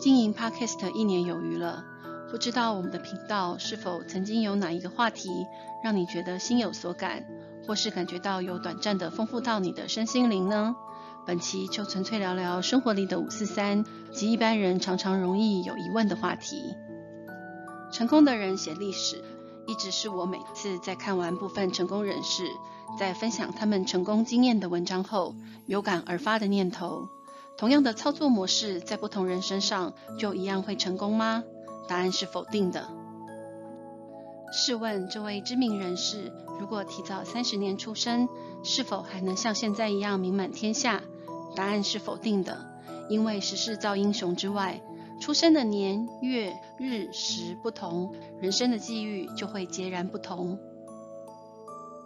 經營 Podcast 一年有餘了，不知道我們的頻道是否曾經有哪一個話題讓你覺得心有所感，或是感覺到有短暫的豐富到你的身心靈呢？本期就純粹聊聊生活裡的五四三，及一般人常常容易有疑問的話題。成功的人寫歷史，一直是我每次在看完部分成功人士，在分享他們成功經驗的文章後，有感而發的念頭。同樣的操作模式在不同人身上就一樣會成功嗎？答案是否定的。試問這位知名人士，如果提早三十年出生，是否還能像現在一樣名滿天下？答案是否定的，因為時勢造英雄之外，出生的年、月、日、時不同，人生的際遇就會截然不同。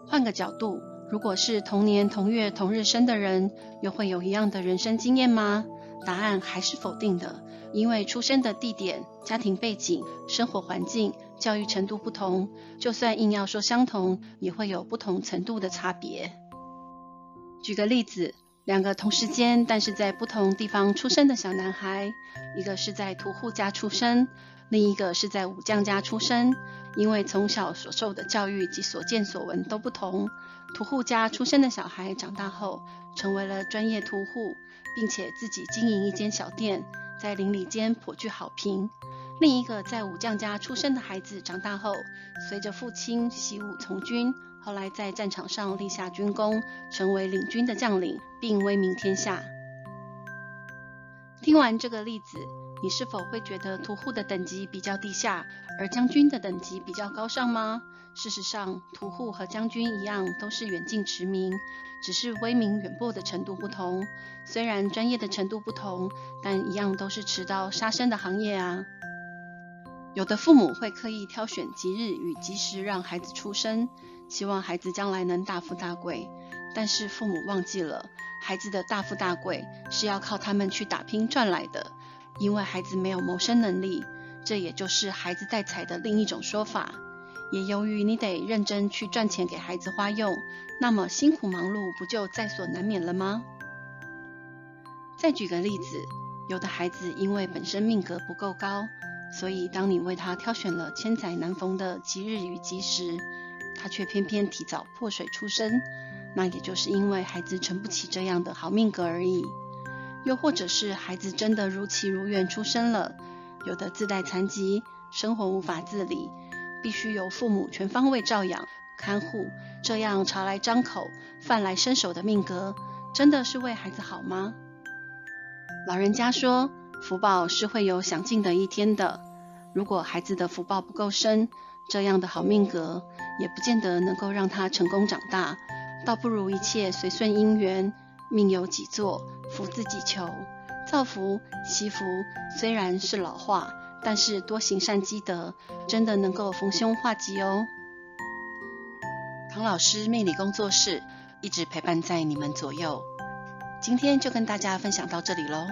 換個角度。如果是同年同月同日生的人，又會有一樣的人生經驗嗎？答案還是否定的，因為出生的地點、家庭背景、生活環境、教育程度不同，就算硬要說相同，也會有不同程度的差別。舉個例子。兩個同時間，但是在不同地方出生的小男孩，一個是在屠戶家出生，另一個是在武將家出生。因為從小所受的教育及所見所聞都不同，屠戶家出生的小孩長大後成為了專業屠戶，並且自己經營一間小店，在鄰里間頗具好評。另一個在武將家出生的孩子長大後，隨着父親習武從軍，後來在戰場上立下軍功，成為領軍的將領，並威名天下。聽完這個例子，你是否會覺得屠戶的等級比較低下，而將軍的等級比較高尚嗎？事實上，屠戶和將軍一樣都是遠近馳名，只是威名遠播的程度不同。雖然專業的程度不同，但一樣都是持刀殺生的行業啊。有的父母會刻意挑選吉日與吉時讓孩子出生，希望孩子將來能大富大貴。但是父母忘記了，孩子的大富大貴是要靠他們去打拼賺來的，因為孩子沒有謀生能力。這也就是孩子帶財的另一種說法。也由於你得認真去賺錢給孩子花用，那麼辛苦忙碌不就在所難免了嗎？再舉個例子，有的孩子因為本身命格不夠高。所以，當你為他挑選了千載難逢的吉日與吉時，他卻偏偏提早破水出生，那也就是因為孩子承不起這樣的好命格而已。又或者是孩子真的如期如願出生了，有的自帶殘疾，生活無法自理，必須由父母全方位照養看護，這樣茶來張口，飯來伸手的命格，真的是為孩子好嗎？老人家說。福報是會有享盡的一天的。如果孩子的福報不夠深，這樣的好命格也不見得能夠讓他成功長大，倒不如一切隨順因緣，命由己造，福自己求。造福惜福雖然是老話，但是多行善積德，真的能夠逢凶化吉哦。唐老師命理工作室一直陪伴在你們左右，今天就跟大家分享到這裡嘍。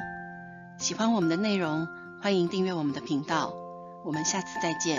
喜歡我們的內容，歡迎訂閱我們的頻道。我們下次再見。